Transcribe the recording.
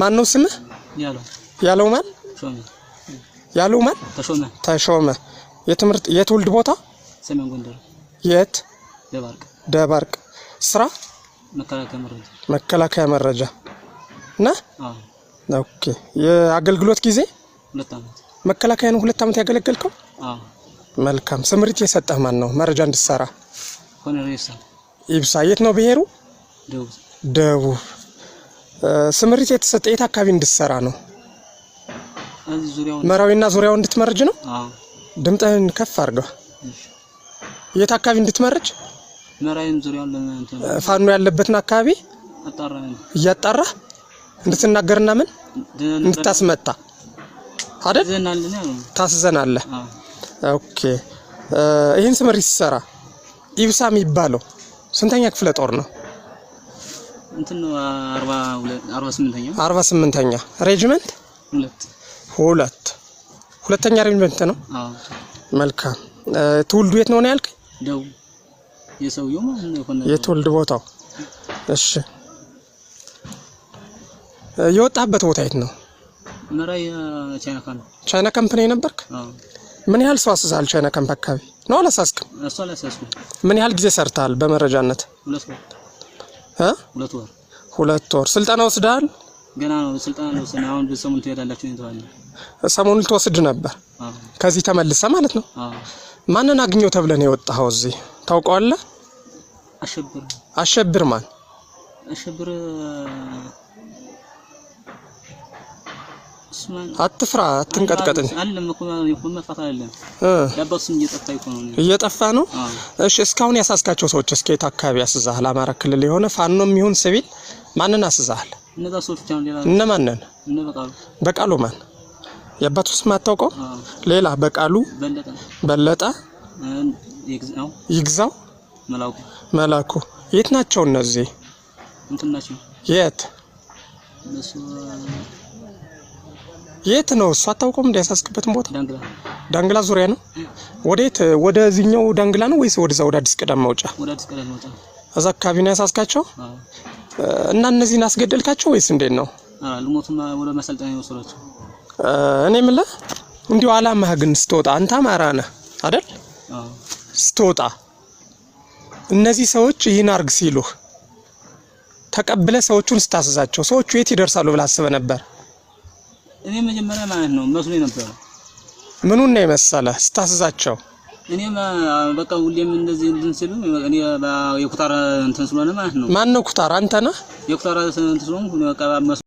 ማን ነው ስምህ? ያለው ማን ያለው ማን? ተሾመ። ተሾመ የትምህርት የትውልድ ቦታ? ሰሜን ጎንደር። የት? ደባርቅ። ደባርቅ ስራ? መከላከያ መረጃ አዎ ኦኬ። የአገልግሎት ጊዜ? ሁለት አመት መከላከያ ነው። ሁለት አመት ያገለገልከው? አዎ መልካም። ስምሪት የሰጠህ ማን ነው? መረጃ እንድትሰራ ኢብሳ። የት ነው ብሄሩ? ደቡብ ስምሪት የተሰጠ የት አካባቢ እንድትሰራ ነው? መራዊና ዙሪያው እንድትመርጅ ነው። ድምፅህን ከፍ አድርገው። የት አካባቢ እንድትመርጅ? ፋኖ ያለበትን አካባቢ እያጣራ እንድትናገርና ምን እንድታስመጣ አይደል? ታስዘናለህ። ኦኬ። ይህን ስምሪት ሲሰራ ኢብሳ የሚባለው ስንተኛ ክፍለ ጦር ነው? እንትን ስምንተኛ ሬጅመንት ሁለት ሁለተኛ ሬጅመንት ነው። መልካም። ትውልዱ የት ነው ነው የትውልድ ቦታው። እሺ የወጣበት ቦታ የት ነው? ቻይና ካምፓኒ። ምን ያህል ሰው አስዛል? ቻይና አካባቢ ነው አላሳስክም? ምን ያህል ጊዜ ሰርታል በመረጃነት? ሁለት ወር ሁለት ወር ስልጠና ወስደሃል? ገና ነው። ስልጠና ነው ሰና አሁን በሰሙን ትሄዳላችሁ እንተዋለን። ሰሞኑን ልትወስድ ነበር ከዚህ ተመልሰ ማለት ነው። ማንን አግኘው ተብለን የወጣኸው እዚህ ታውቀዋለህ? አሸብር አሸብር ማን? አሸብር አትፍራ፣ አትንቀጥቀጥ። እየጠፋ ነው። እሺ፣ እስካሁን ያሳዝካቸው ሰዎች እስከ የት አካባቢ ያስዛሃል? አማራ ክልል የሆነ ፋኖም ይሁን ሲቪል ማንን አስዛሃል? እነ በቃሉ ማን? የአባቱ ስም አታውቀው? ሌላ በቃሉ በለጠ፣ ይግዛው፣ መላኩ የት ናቸው እነዚህ? የት የት ነው እሱ? አታውቀውም? እንዲያሳስክበትን ቦታ ዳንግላ ዙሪያ ነው። ወዴት? ወደዚህኛው ዳንግላ ነው ወይስ ወደዛ ወደ አዲስ ቀዳም መውጫ? እዛ አካባቢ ነው ያሳስካቸው እና እነዚህን አስገደልካቸው ወይስ እንዴት ነው? እኔ የምልህ እንዲሁ አላማህ ግን ስትወጣ አንተ አማራ ነህ አይደል? ስትወጣ እነዚህ ሰዎች ይህን አርግ ሲሉህ ተቀብለህ ሰዎቹን ስታስዛቸው ሰዎቹ የት ይደርሳሉ ብለህ አስበህ ነበር? እኔ መጀመሪያ ማለት ነው መስሎ የነበረ ምኑን ነው የመሰለ ስታስዛቸው እኔም በቃ ሁሌም እንደዚህ እንትን ሲሉ የኩታር እንትን ስለሆነ ማለት ነው። ማን ነው ኩታር? አንተ ነህ የኩታር እንትን በቃ